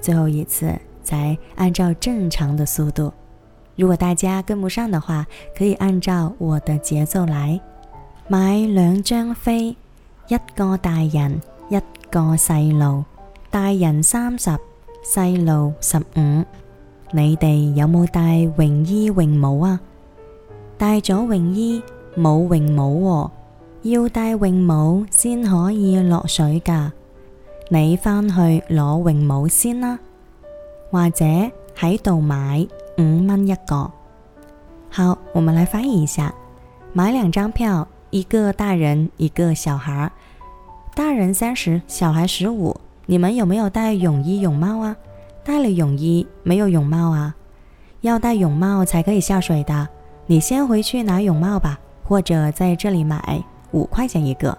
最後一次，才按照正常的速度。如果大家跟不上的話，可以按照我的節奏來。買兩張飛，一個大人，一個細路。大人三十，細路十五。你哋有冇帶泳衣泳帽啊？帶咗泳衣，冇泳帽喔。要戴泳帽先可以落水噶。你返去攞泳帽先啦，或者喺度買五蚊、嗯、一個。好，我們來翻譯一下，買兩張票，一個大人一個小孩，大人三十，小孩十五。你們有沒有帶泳衣泳帽啊？帶了泳衣，沒有泳帽啊。要戴泳帽才可以下水的。你先回去拿泳帽吧，或者在這裏買五塊錢一個。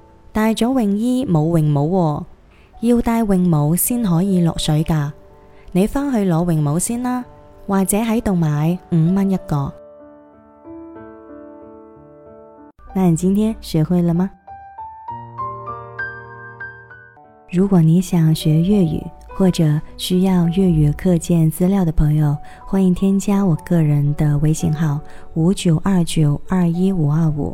帶咗泳衣，冇泳帽喔，要帶泳帽先可以落水噶。你返去攞泳帽先啦，或者喺度買，五蚊一個。那你今天學會了嗎？如果你想學粵語或者需要粵語課件資料的朋友，歡迎添加我個人的微信號五九二九二一五二五。